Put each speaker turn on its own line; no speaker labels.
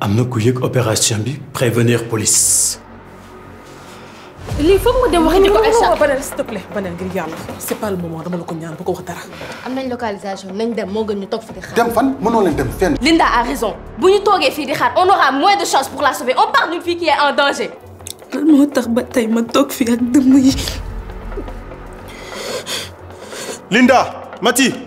amnakouyek opération bi prévenir police
lii foog mu dem wax ñu ko Aïcha
Banel s'il te plaît Banel ngir yàlla c'est pas le moment dama la ko ñaan bu ko wax dara
am nañ localisation nañ dem moo gën ñu toog fi di xaar dem
fan mënoo leen dem fenn
Linda a raison bu ñu toogee fii di xaar on aura moins de chance pour la sauver on parle d'une fille qui est en danger
lan moo tax ba tey ma toog fii ak dëmm yi Linda Mati